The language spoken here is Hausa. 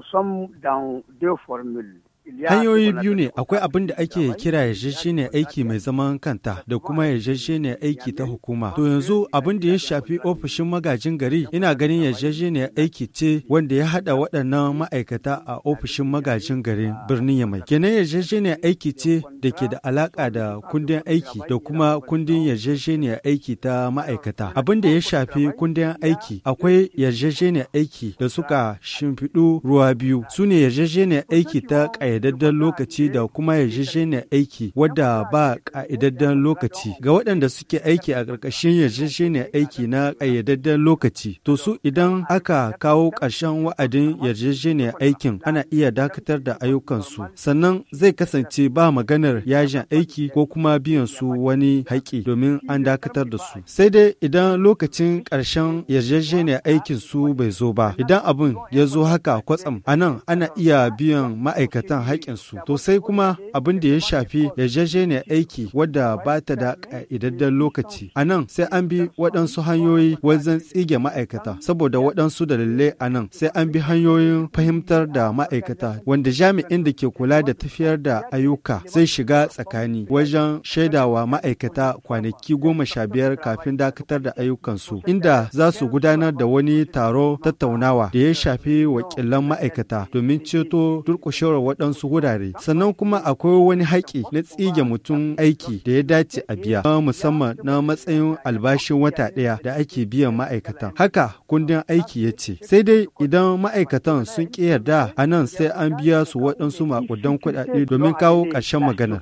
nous sommes dans deux formules. Hanyoyi biyu ne akwai abin da ake kira yarjejeniyar aiki mai zaman kanta da kuma yarjejeniyar aiki ta hukuma. To yanzu abin da ya shafi ofishin magajin gari ina ganin yarjejeniyar aiki ce wanda ya haɗa waɗannan ma'aikata a ofishin magajin gari birnin Yamai. Kenan yarjejeniyar aiki ce da ke da alaƙa da kundin aiki da kuma kundin yarjejeniyar aiki ta ma'aikata. Abin da ya shafi kundin aiki akwai yarjejeniyar aiki da suka shimfiɗu ruwa biyu su ne yarjejeniyar aiki ta ƙayyade ƙa'idaddan lokaci da kuma yarjejeniyar aiki wadda ba ƙa'idaddan lokaci ga waɗanda suke aiki a ƙarƙashin yarjejeniyar aiki na ƙayyadaddan lokaci to su idan aka kawo ƙarshen wa'adin yarjejeniyar aikin ana iya dakatar da ayyukansu sannan zai kasance ba maganar yajin aiki ko kuma biyan su wani haƙƙi domin an dakatar da su sai dai idan lokacin ƙarshen yarjejeniyar aikin su bai zo ba idan abin ya zo haka kwatsam anan ana iya biyan ma'aikatan haƙƙi. haƙƙinsu. To sai kuma abin da ya shafi ya ne aiki wadda ba ta da ƙa'idaddan lokaci. A nan sai an bi waɗansu hanyoyi wajen tsige ma'aikata, saboda waɗansu dalilai a nan sai an bi hanyoyin fahimtar da ma'aikata wanda jami'in da ke kula da tafiyar da ayyuka zai shiga tsakani wajen shaidawa ma'aikata kwanaki goma sha biyar kafin dakatar da ayyukansu inda za su gudanar da wani taro tattaunawa da ya shafi wakilan ma'aikata domin ceto durƙushewar waɗansu wasu wurare. Sannan kuma akwai wani haƙƙi na tsige mutum aiki da ya dace a biya, musamman na matsayin albashin wata ɗaya da ake biyan ma'aikatan. Haka kundin aiki ya ce, sai dai idan ma'aikatan sun ƙi yarda a nan sai an biya su waɗansu maƙudan kuɗaɗe domin kawo ƙarshen magana.